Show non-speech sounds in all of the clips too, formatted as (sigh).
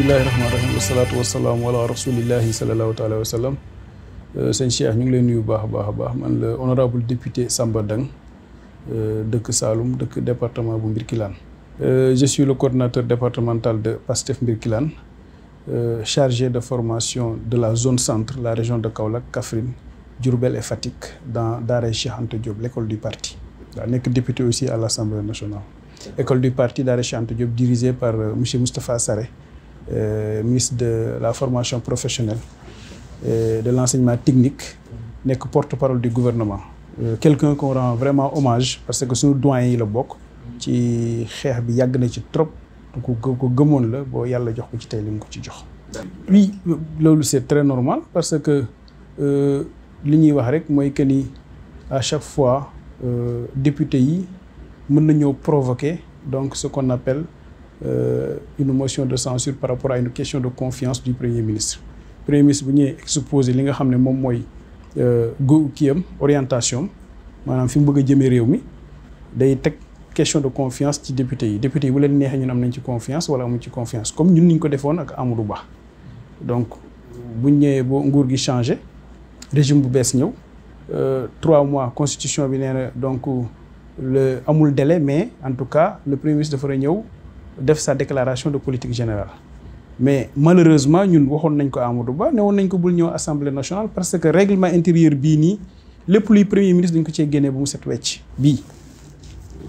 bismillahi rahmaani rahim wasalaatu wasalaam wala rasulillahi salallahu euh, Cheikh ñu ngi lay nuyu baax a baax a baax man la honorable député Samba Dang euh, dëkk Saloum dëkk département bu Mbirkilaan euh, je suis le coordinateur départemental de PASTEF Mbirkilaan chargé de formation de la zone centre la région de Kaolack Kaffrine Diourbel et Fatick dans Daaray Cheikh Anta Diop l'école du parti daa nekk député aussi à l'Assemblée nationale école du parti Daaray Cheikh Anta Diop dirigée par monsieur Moustapha Sarré Euh, ministre de la formation professionnelle et de l'enseignement technique nekk porte-parole du gouvernement euh, quelqu'un qu'on rend vraiment hommage parce que suñu doyen yi la bokk ci xeex bi yàgg na ci trop ku ko gëmoon la boo yàlla jox ko ci tey li mu ko ci jox oui loolu c'est très normal parce que euh, li ñuy wax rek mooy que ni à chaque fois député yi mën na ñëw provoquer donc ce qu'on euh, une motion de censure par rapport à une question de confiance du premier ministre premier ministre bu ñëwee exposé li nga xam ne moom mooy euh, go kiyam orientation maanaam fi mu bëgg a jëmee réew mi day teg question de confiance ci député yi député yi bu leen neexee ñun am nañ ci confiance wala amuñ ci confiance comme ñun niñ ko defoon ak Amadou Ba donc buñ ñëwee boo nguur gi changé régime bu bees ñëw euh, trois mois constitution bi nee na donc le amul délai mais en tout cas le premier ministre dafa ñëw def sa déclaration de politique générale mais malheureusement ñun waxoon nañ ko Amadou Ba ne woon nañ ko bul ñëw assemblée nationale parce que règlement intérieur bii nii lépp luy premier ministre dañ ko cee génnee ba mu set wecc bii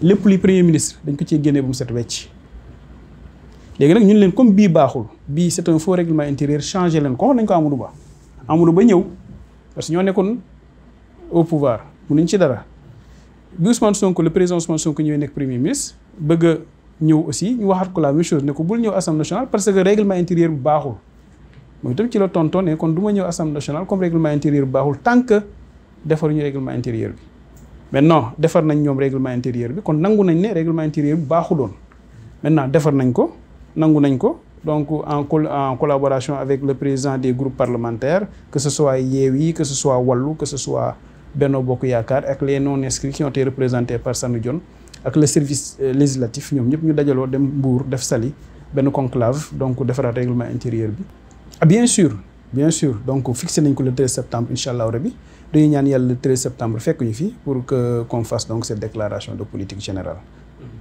lépp luy premier ministre dañ ko cee génnee bu mu set wecc léegi nag ñun leen comme bii baaxul bii c'est un faux règlement intérieur changé leen ko waxoon nañ Ba Amadou Ba parce que ñoo nekkoon au pouvoir mënuñ ci dara bi Ousmane Sonko le président Ousmane Sonko ñëwee nekk premier ministre bëgg ñëw aussi ñu waxaat ko laa même chose ne ko bul ñëw assemblée nationale parce que règlement intérieur bu baaxul mooy itam ci la tonton ne kon du ma ñëw assemblée nationale comme règlement intérieur bu baaxul tan que defaruñu règlement intérieur bi maintenant defar nañ ñoom règlement intérieur bi kon nangu nañ ne règlement intérieur bi baaxuloon maintenant defar nañ ko nangu nañ ko donc en en collaboration avec le président des groupes parlementaire que ce soit Yewwi que ce soit Wallu que ce soit Benno Bokk Yaakaar ak les non inscrits qui ont été représentés par Sanu ak le service euh, législatif ñoom ñëpp ñu dajaloo dem Mbour def sali benn conclave donc defaraat règlement intérieur bi. ah bien sûr bien sûr donc fixé nañ ko le 13 septembre incha allah rabi dañuy ñaan yàlla le septembre fekk ñu fi pour que qu'on fasse donc cette déclaration de politique générale.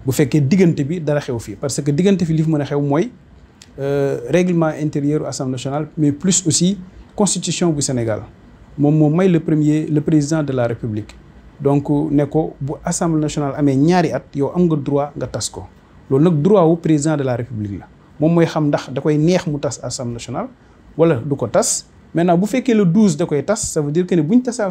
bu fekkee diggante bi dara xew fii parce que diggante fi li fi mën a xew mooy euh, règlement intérieur assemblée nationale mais plus aussi constitution bu Sénégal moom moo may le premier le président de la république. donc ne ko bu assemblée nationale amee ñaari at yow am nga droit nga tas ko loolu nag droit wu président de la république la moom mooy xam ndax da koy neex mu tas assemblée nationale wala du ko tas maintenant bu fekkee le 12 da koy tas ça veut dire que ne bu ñu tasee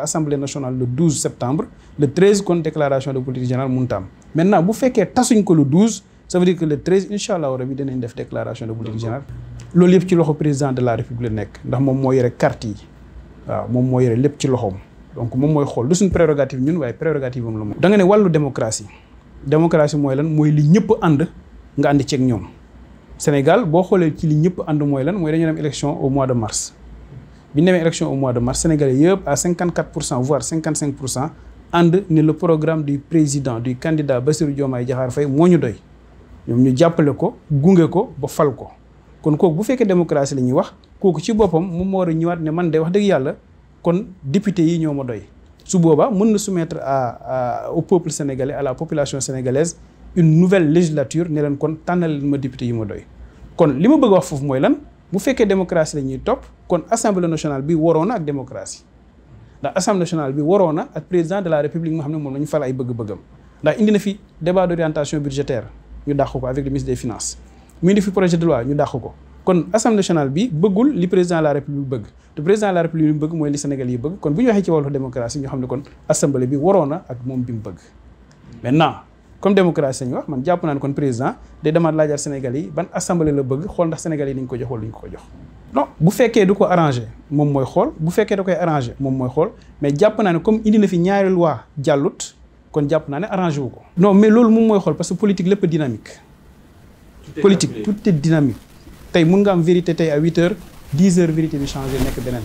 assemblée euh, nationale le 12 septembre le 13 kon déclaration de politique générale mun ta am maintenant bu fekkee tasuñ ko le 12 ça veut dire que le 13 incha allah rabi dinañ def déclaration de politique générale. loolu yëpp ci loxo président de la république nekk ndax moom moo yore carte moom moo yore lépp ci loxoom. donc moom mooy xool lu suñ prérogative ñun waaye prérogative am la moom. da nga ne wàllu démocratie démocratie mooy lan mooy li ñëpp ànd nga ànd ceeg ñoom Sénégal boo xoolee ci li ñëpp ànd mooy lan mooy dañu dem élection au mois de mars. bi ñu demee élection au mois de mars Sénégalais yëpp à 54 pour cent voire 55 pour cent ànd ne le programme du président du candidat Bassirou Diomaye Diakhar fay moo ñu doy ñoom ñu jàppale ko gunge ko ba fal ko kon kooku bu fekkee démocratie la ñuy wax kooku ci boppam moom moo war a ne man de wax dëgg yàlla. kon député yi ñoo ma doy su boobaa mën na soumettre à au peuple sénégalais à la population sénégalaise une nouvelle législature ne leen kon tànnal leen ma député yi ma doy kon li ma bëgg wax foofu mooy lan bu fekkee démocratie la ñuy topp kon assemblée nationale bi waroon na ak démocratie ndax assemblée nationale bi waroon na ak président de la république nga xam ne moom la ñu fal ay bëgg-bëggam ndax indi na fi débat d' orientation budgétaire ñu dàq ko avec le des finances mu fi projet de loi ñu dàq ko kon assemblée nationale bi bëggul li président de la république bëgg te président de la république bi bëgg mooy li Sénégal yi bëgg kon bu ñu waxee ci wàllu démocratie ñu kon assemblée bi wax man jàpp naa ne kon président day demaat laajaat Sénégal yi ban assemblée la bëgg xool ndax Sénégal yi dañ ko jox wala duñ ko jox non bu fekkee du ko arrangé moom mooy xool bu fekkee da koy arrangé moom mooy xool mais jàpp naa ne comme indi na fi ñaari loi jàllut kon jàpp naa ne arrangé wu ko mais loolu moom mooy xool parce que politique lépp dynamique politique tout est dynamique tey mun nga am vérité tey à huit heures dix heures vérité bi changé nekk beneen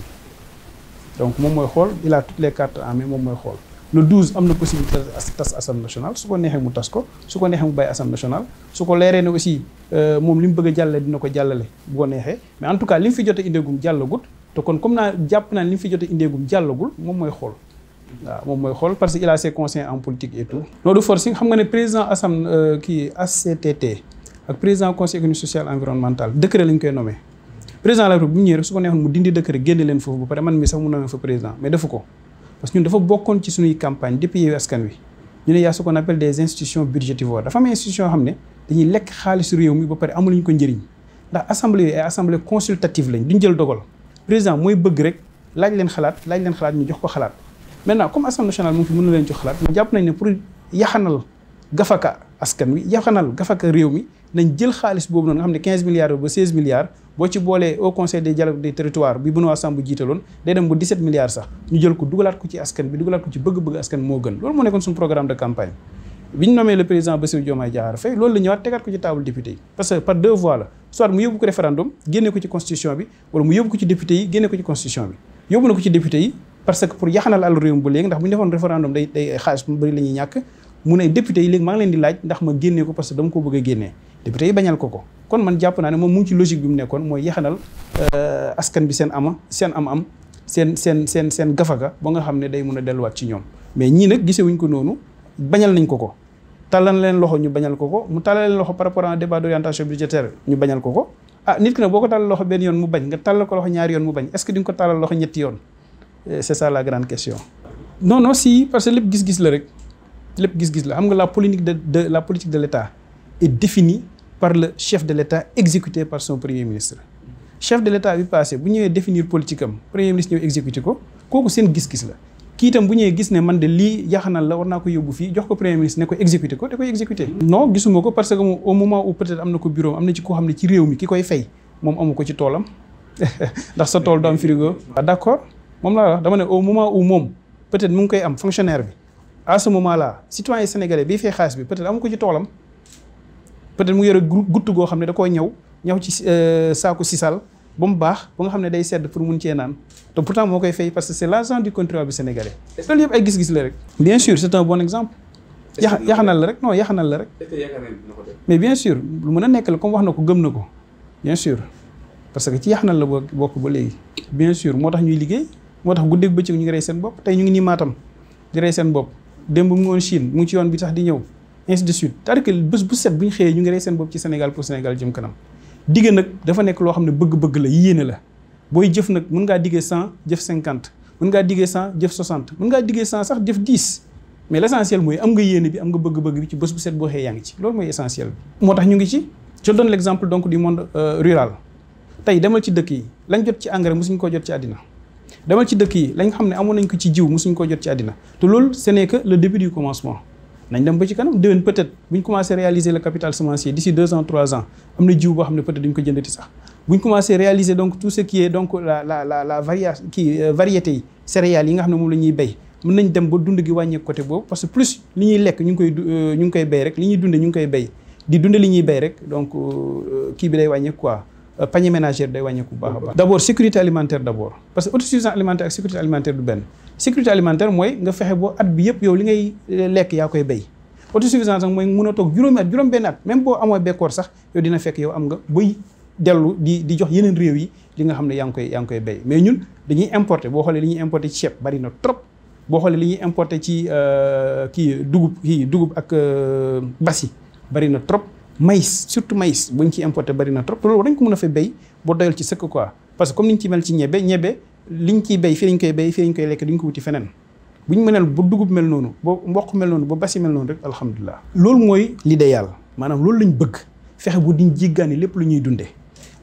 donc moom mooy xool il a toutes les cartes en moom mooy xool le 12 am na possibilité tas assemblée nationale su ko neexee mu tas ko su ko neexee mu bàyyi assemblée nationale su ko leeree ne aussi euh, moom li mu bëgg a jàllale dina ko jàllale boo ko neexee mais en tout cas li mu fi jot a indeegum jàllagut te kon comme naa jàpp naa li mu fi jot a indeegum jàllagul moom mooy xool waaw moom mooy xool parce que il a ses en politique et tout. xam nga ne président assemblée euh, kii HCCT. ak président conseil économique social environnemental décret lañ koy nommé président la su ko neexoon mu dindi décret génne leen foofu ba pare man mi sax mu nommé fa président am institution yoo xam ne dañuy lekk xaalis réew mi ba pare amuluñ ko njëriñ ndax assemblée ay assemblée consultative lañ duñ jël dogal président mooy bëgg rek laaj leen xalaat laaj leen xalaat ñu jox ko xalaat maintenant comme assemblée nationale moom fi mën na leen jox jàpp nañ ne pour yaxanal gafaka askan yaxanal gafaka réew mi nañ jël xaalis boobu noonu nga xam ne milliards boo ci boolee au conseil des dialogues des territoires bi Benoît Sambou jiitaloon day dem ba 17 milliards sax ñu jël ko dugalaat ko ci askan bi dugalaat ko ci bëgg-bëgg askan moo gën loolu moo nekkoon suñu programme de campagne bi ñu nommé le président Bassirou Diomaye Diakhar Faye loolu la ñëwaat tegaat ko ci table député yi parce que par deux voies la soit mu mu yóbbu mu ne député yi léegi maa ngi leen di laaj ndax ma génnee ko parce que dama ko bëgg a génnee député yi bañal ko ko kon man jàpp naa ne moom mu ngi ci logique bi mu nekkoon mooy yaxanal euh, askan bi seen ama seen am-am seen seen seen seen gafaga ba nga xam ne day mun a delluwaat ci ñoom mais ñii nag gisewuñ ko noonu bañal nañ ko ko tàllal leen loxo ñu bañal ko ko mu tàllal leen loxo par rapport à un débat d'orientation budgétaire ñu bañal ko ko ah nit ki nag boo ko tàllal loxo benn yoon mu bañ nga tàllal ko loxo ñaari yoon mu bañ est-ce euh, question non non si parce gis-gis la rek lépp gis-gis la xam nga la politique de de la politique de l'État est définie par le chef de l'État exécuté par son premier ministre. chef de l'État bi passé bu ñëwee définir politique am premier ministre ñëw exécuté ko kooku seen gis-gis la kii itam bu ñëwee gis ne man de lii yaxanal la war naa ko yóbbu fii jox ko premier ministre ne ko exécuté ko da koy exécuté. non gisuma ko parce que moom au moment où peut-être am na ko bureau am na ci koo xam ne ci réew mi moom amu ko ci toolam (laughs) ndax sa tool du am frigo. d'accord moom laa wax dama au moment où moom mu ngi koy am fonctionnaire bi. à ce moment-là citoyen sénégalais bii fay xaalis bi peut-être ko ci toolam peut-être mu yore gutt goo xam ne da koy ñëw ñëw ci euh, saaku sisal ba mu baax ba nga xam ne day sedd pour mun cee naan te pourtant moo koy fay parce que c'est l'argent du contribuable sénégalais loolu yëpp ay gis-gis la rek bien sûr c'est un bon exemple la rek non yaxanal la rek mais bien sûr mën a nekk la comme wax na ko gëm na ko bien parce que ci yaxanal la bokk ba léegi bien sûr moo tax ñuy liggéey moo tax guddeeg bëccëg ñu ngi rey seen bopp tey ñu ngi nii maatam di rey seen bopp démb mu ngi woon Chine mu ngi ci yoon bi tax di ñëw ainsi de suite c'est-à-dire bés bu set bu ñu xëyee ñu ngi rey seen bopp ci Sénégal pour Sénégal jëm kanam digg nag dafa nekk loo xam ne bëgg-bëgg la yéene la booy jëf nag mën ngaa diggee cent jëf cinquante mën ngaa diggee cent jëf soixante mën ngaa diggee cent sax jëf dix mais l' essentiel mooy am nga yéene bi am nga bëgg-bëgg bi ci bés bu set boo xëyee yaa ngi ci loolu mooy essentiel moo tax ñu ngi ci je donne l' exemple donc du monde euh, rural tey demal ci dëkk yi lañ jot ci engrais mosuñ ko jot ci àddina demal ci dëkk yi lañ xam ne amoon nañ ko ci jiw suñ ko jot ci àddina te lool ce n'est que le début du commencement nañ dem ba ci kanam déwén peut-être buñ commencé réaliser le capital am na jiw boo xam ne peut-être duñ ko jëndati sax buñ commencé réaliser donc tout ce qui est donc la la la la kii euh, variété yi céréales yi nga xam ne moom la ñuy béy mën nañ dem ba dund gi wàññeeku côté boobu parce que plus li ñuy lekk ñu ngi koy euh, ñu ngi koy béy rek li ñuy dund ñu ngi koy bay di dunde li ñuy béy rek donc euh, kii bi day wàññeeku quoi Euh, panier ménagère day wàññeeku bu baax a baax. d' abord sécurité alimentaire d' abord parce que autosuffisance alimentaire ak sécurité alimentaire du benn sécurité alimentaire mooy nga fexe boo at bi yëpp yow li ngay euh, lekk yaa koy béy. autosuffisance nag mooy mun a toog juróomi at juróom benn at même boo amoo bekkoor sax yow dina fekk yow am nga buy dellu di di jox yeneen réew yi li nga xam ne yaa ngi koy yaa ngi koy béy mais ñun dañuy importer boo xoolee li ñuy importer ci ceeb bari na trop. boo xoolee li ñuy importer ci euh, kii dugub kii dugub ak basi bari na trop. maïs surtout maïs buñ ci importé bari na trop loolu dañ ko mën a fa béy boo doyal ci sëkk quoi parce que comme ni ñu ci mel ci ñebe ñebe liñ ciy béy fii lañ koy béy fii lañ koy lekk duñ ko wuti feneen ñu mëneel bu dugub mel noonu ba mboq mel noonu ba basi mel noonu rek alhamdulilah. loolu mooy l'idéal maanaam loolu lañ bëgg fexe bu diñ jéggaani lépp lu ñuy dundee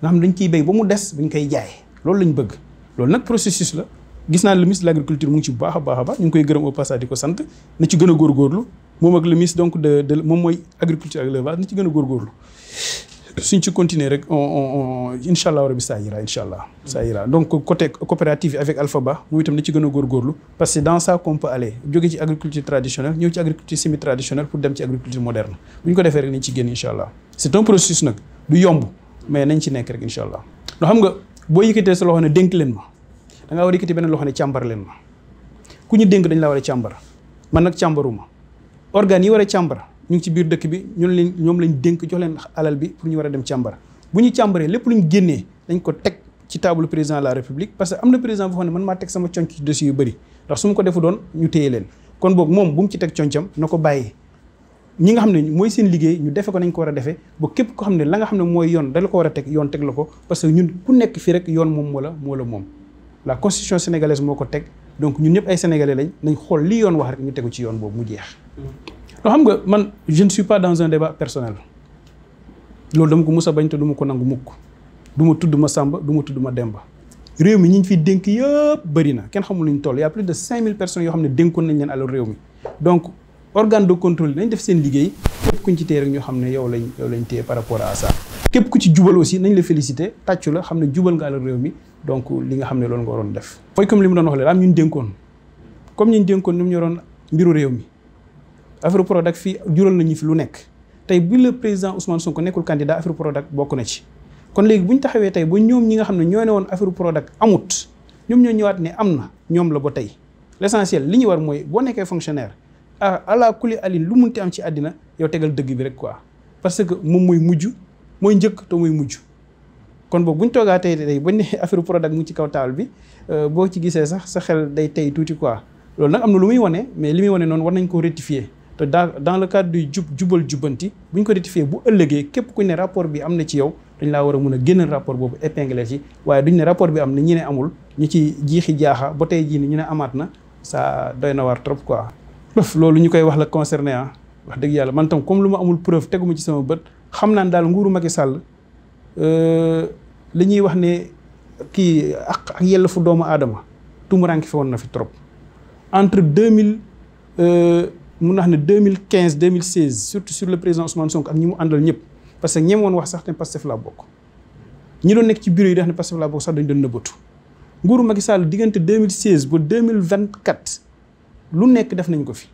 nga xam dañ ciy béy ba mu des ñu koy jaay loolu lañ bëgg loolu nag processus la gis naa le ministre de l'agriculture mu ngi baax a ñu ngi koy gërëm au passage di ko sant na ci gën a góorgóorlu moom ak le ministre donc de de moom mooy agriculture ak l'élevage na ci gën a góorgóorlu suñ ci continuer rek on on on incha allah rabi ça ira incha allah ça ira donc côté coopérative yi avec Alphaba moom itam na ci gën a góorgóorlu parce que dans ça qu'on peut aller jóge ci agriculture traditionnelle ñëw ci agriculture semi traditionnelle pour dem ci agriculture moderne bu ñu ko defee rek nañ ci génn incha allah c'est un processus nag du yomb mais nañ ci nekk rek incha allah noo xam nga boo yëkkatee sa loxo ne dénk leen ma da ngaa war a yëkkati beneen loxo ne càmbar leen ma ku ñu dénk dañ laa war a càmbar man nag càmbaruma organes yi war a càmbar ñu ngi ci biir dëkk bi ñun leen ñoom lañ dénk jox leen alal bi pour ñu war a dem càmbar bu ñu càmbaree lépp lu ñu génnee dañ ko teg ci table président la république parce que am na président boo xam ne man maa teg sama conc ci dossier yu bëri ndax su ma ko defu doon ñu téye leen kon boog moom bu mu ci teg concam na ko bàyyi ñi nga xam ne mooy seen liggéey ñu defe ko nañ ko war a defee ba képp ko xam ne la nga xam ne mooy yoon dala ko war a teg yoon teg ko parce que ñun ku nekk fii rek yoon moom moo la la moom la constitution sénégalaise moo ko teg donc ñun ñëpp ay sénégalais lañ nañ xool li yoon wax rek ñu tegu ci yoon boobu mu jeex. loo xam nga man je ne suis pas dans un débat personnel loolu dama ko mus a bañ te du ma ko nangu mukk du ma tudd ma Samba du ma tudd ma Demba. réew mi ñi ñu fi dénk yëpp bëri na kenn xamul lu tool toll y' a plus de 5000 personnes yoo xam ne dénkoon nañ leen alal réew mi donc organe de contrôle nañ def seen liggéey képp kuñ ci téye ñoo xam ne yow lañ yow lañ téye par rapport à ça. ci jubal aussi nañ la félicité tàccu la xam ne jubal nga alal réew donc li nga xam ne loolu nga waroon def. mooy comme li mu doon wax la am ñun dénkoon comme ñun dénkoon ni mu yoroon mbiru réew mi affaire Prodac fii jural nañu fi lu nekk tey bi le président Ousmane ko nekkul candidat affaire Prodac bokk na ci. kon léegi bu ñu taxawee tey ba ñoom ñi nga xam ne ñoo ne woon affaire Prodac amut ñoom ñoo ñëwaat ne am na ñoom la ba tey l' li ñu war mooy boo nekkee fonctionnaire ah ala kulli alin lu munti am ci àddina yow tegal dëgg bi rek quoi parce que moom mooy mujj mooy njëkk te mooy mujj. kon boobu bu ñu toogaatee tey bañ ne (laughs) affaire Prodac mu ngi ci kaw taal bi euh, boo ci gisee sax sa xel day tey tuuti quoi loolu nag am na lu muy wane mais li muy wane noonu war nañ ko rectifier te dans dans le cadre du jubal jubbanti bu ñu ko rectifier bu ëllëgee képp ku ne rapport bi am na ci yow dañ laa war a mun a génnal rapport boobu épinglé ci waaye duñ ne rapport bi am na ñi ne amul ñu ci jiixi jaaxa ba tey jii ni ñu ne amaat na ça doy na waar trop quoi. loolu ñu koy wax la concerné ah wax dëgg yàlla man tam comme lu ma amul preuve teguma ci sama bët xam naa daal nguuru Macky Sall Euh, li ñuy wax ne kii ak ak fu doomu aadama tumuraanke fi woon na fi trop entre deux mille euh, mun na wax ne deux mille quinze deux mille seize surtout sur le président Ousmane Sonko ak ñi mu àndal ñëpp parce que ñeem woon wax sax ne Pastef laa bokk ñi doon nekk ci bureau yi di wax ne Pastef laa bokk sax dañu doon nëbbatu nguuru Macky Sall diggante deux mille seize ba deux mille vingt quatre lu nekk def nañ ko fi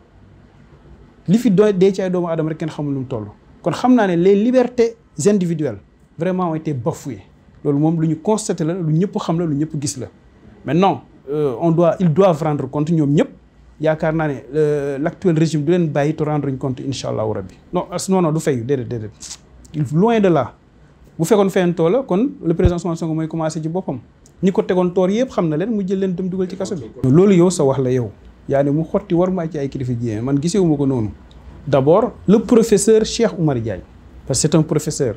li fi doo dee ci ay doomu aadama rek kenn xamul lu mu toll kon xam naa ne les libertés individuelles vraiment ont été bafoués loolu moom lu ñu constaté la lu ñëpp xam la lu ñëpp gis la maintenant euh, on doit ils doivent rendre compte ñoom ñëpp yaakaar naa ne euh, l' actuel régime du leen bàyyi te rendre ñu compte incha allahu rabbi non non non du fayu déedéet de là bu fekkoon fayantoo la kon le président Ousmane Sonko mooy commencé ci boppam ñu ko tegoon toor yëpp xam na leen mu jël leen dem dugal ci kaso bi. loolu yow sa wax la yow yaa ne mu xotti war maa ci ay kilifa ji man gisewuma ko noonu d' abord le professeur Cheikh Oumar Diagne parce que c' est un professeur.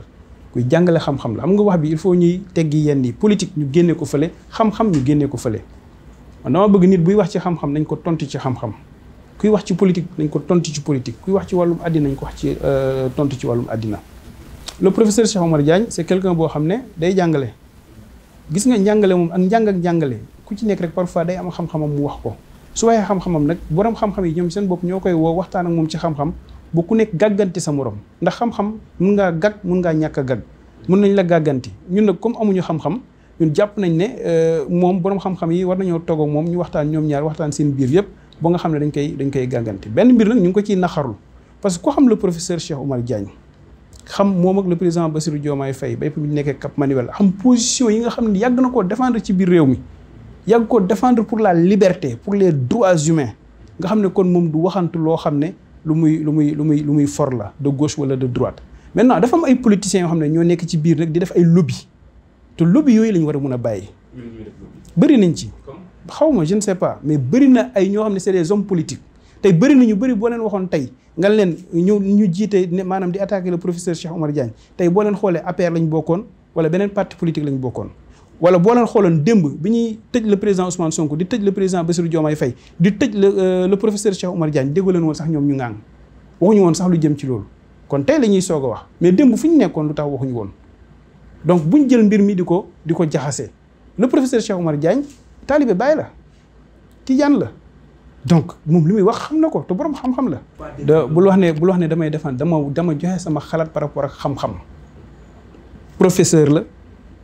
kuy jàngale xam-xam la am nga wax bi il faut ñuy teggi yenn yi politique ñu génne ko fële xam-xam ñu génne ko fële man dama bëgg nit buy wax ci xam-xam nañ ko tontu ci xam-xam kuy wax ci politique nañ ko tontu ci politique kuy wax ci wàllum àddina nañ ko wax ci euh, tontu ci wàllum àddina le professeur Cheikh Omar Diagne c'est quelqu'un boo xam ne day jàngale gis nga jàngale moom ak njàng ak njàngale ku ci nekk rek parfois day am xam-xamam mu wax ko su waxee nag borom xam yi ñoom seen bopp ñoo koy woo waxtaan ak moom ci xam bu ku nekk gàgganti sa morom ndax xam-xam mun ngaa gag mun ngaa ñàkk a mun nañ la gàgganti ñun nag comme amuñu xam-xam ñun jàpp nañ ne euh, moom borom xam-xam yi war nañoo toog ak moom ñu waxtaan ñoom ñaar waxtaan seen biir yëpp ba nga xam ne dañ koy dañ koy gàgganti benn mbir nag ñu ngi ko ciy naxarlu parce que ku xam le professeur Cheikh Oumar Diagne xam moom ak le président Bassirou Diomaye Faye bépp bu nekkee Cap Manuel xam position yi nga xam ne yàgg na koo défendre ci biir réew yàgg ko défendre pour la liberté pour les droits humains nga xam ne kon moom du waxantu loo xam ne lu muy lu muy lu muy lu muy for la de gauche wala de droite maintenant dafa am ay politiciens yoo xam ne ñoo nekk ci biir nag di def ay lobby te lobby yooyu la war a mun a bàyyi. bëri nañ ci. xaw ma je ne sais pas mais bëri na ay ñoo xam ne c'est des hommes politiques tey bëri na ñu bëri boo leen waxoon tey nga leen ñu ñu jiite ne maanaam di attaquer le professeur Cheikh Omar Diagne tey boo leen xoolee APR lañ bokkoon wala beneen parti politique lañ bokkoon. wala boo leen xooloon démb bi ñuy tëj la président Ousmane Sonko di tëj la président joom ay Faye di tëj le euh, le professeur Cheikh Oumar Diagne déggu leen woon sax ñoom ñu ŋàng waxuñu woon sax lu jëm ci loolu kon tey la ñuy soog a wax mais démb fu ñu nekkoon lu tax waxuñu woon donc ñu jël mbir mi di ko di ko jaxasee le professeur Cheikh Oumar Diagne taalibe Baay la tijaan la donc moom lu muy wax xam na ko te borom xam-xam la. da bul wax ne bul wax ne damay defan dama dama joxe sama xalaat par rapport ak xam-xam professeur la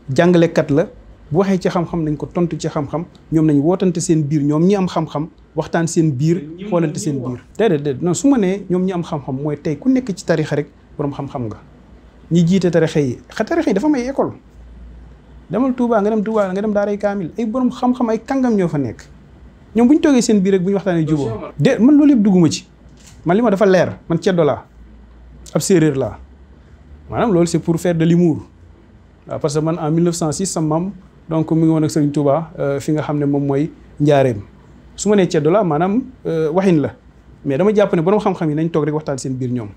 jàngalekat la. bu waxee ci xam-xam nañ ko tontu ci xam-xam ñoom nañ wootante seen biir ñoom ñi am xam-xam waxtaan seen biir xoolante seen biir déedéet déedéet non su ma nee ñoom ñi am xam-xam mooy tey ku nekk ci tarixa rek borom xam-xam nga ñi jiite tarixa yi xa tarixa yi dafa may école demal Touba nga dem Touba nga dem daaray kaamil ay borom xam-xam ay kàngam ñoo fa nekk ñoom bu ñu toogee seen biir rek bu ñu waxtaanee jubóo de man loolu yëpp dugguma ci man li ma dafa leer man ceddo laa ab séeréer laa maanaam loolu c'est pour faire de l'humour waaw parce que man en 1906 sa maam donc mi ngi woon ak Serigne Touba euh, fi nga xam ne moom mooy njaareem su ma nee ceddo la maanaam euh, waxin la mais dama jàpp ne borom xam-xam yi nañ toog rek waxtaan seen biir ñoom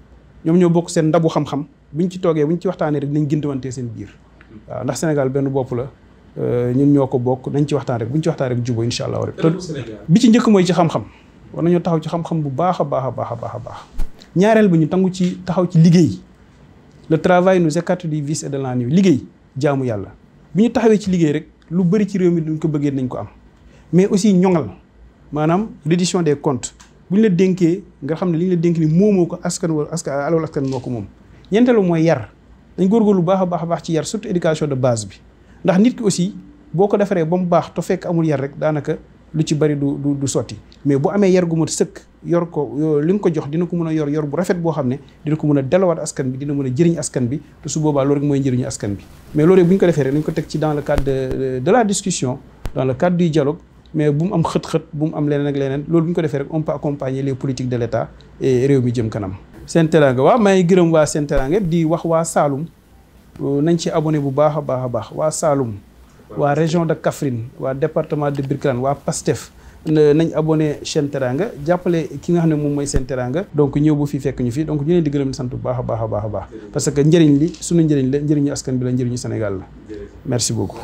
ñoom ñoo bokk seen ndabu xam-xam buñ ci toogee buñ ci waxtaanee rek nañ gindawante seen biir waaw ndax benn bopp la euh, ñun ñoo ko bokk nañ ci waxtaan rek buñ ci waxtaan rek jubóo incha allah. bi ci njëkk mooy ci xam-xam war nañoo taxaw ci xam-xam bu baax a baax a baax a baax a baax ñaareel bi ñu tangu ci taxaw ci liggéey le travail nu écarte du vice et de l'ennui liggéey jaamu yàlla bi ñu taxawee ci liggéey rek lu bëri ci réew mi duñ ko bëggee nañ ko am mais aussi ñoŋal maanaam reddition des comptes bu ñu la denkee nga xam ne li ñu la dénk ni moomoo ko askan wala askan alal askan moo ko moom. ñeenteelu mooy yar dañ góorgóorlu baax a baax a baax ci yar surtout éducation de base bi ndax nit ki aussi boo ko defaree ba mu baax te fekk amul yar rek daanaka. lu ci bari du du du sotti mais bu amee yar gu mat sëkk yor ko li nga ko jox dina ko mën a yor yor bu rafet boo xam ne dina ko mën a dellowaat askan bi dina mën a jëriñ askan bi te su boobaa loolu rek mooy njëriñu askan bi mais loolu rek bu ko defee rek ko teg ci dans le cadre la discussion dans le cadre mais bu mu am xët-xët bu mu am leneen ak leneen loolu bu ñu ko defee rek on peut accompagner les politiques de l'État réew mi jëm kanam Sen Teranga waaw maa ngi gërëm waa Sen Teranga di wax waa Saloum euh, nañ ci abone bu baax a baax a baax waa Saloum waa région de Kaffrine waa département de Birkelane waa PASTEF nañ abonné chaîne Teranga jàppale ki nga xam ne moom mooy seen Teranga donc ñëw bu fi fekk ñu fi donc ñu leen di gërëm di bu baax a baax a baax a baax parce que njëriñ li suñu njëriñ la njëriñu askan bi la njëriñu Sénégal la merci beaucoup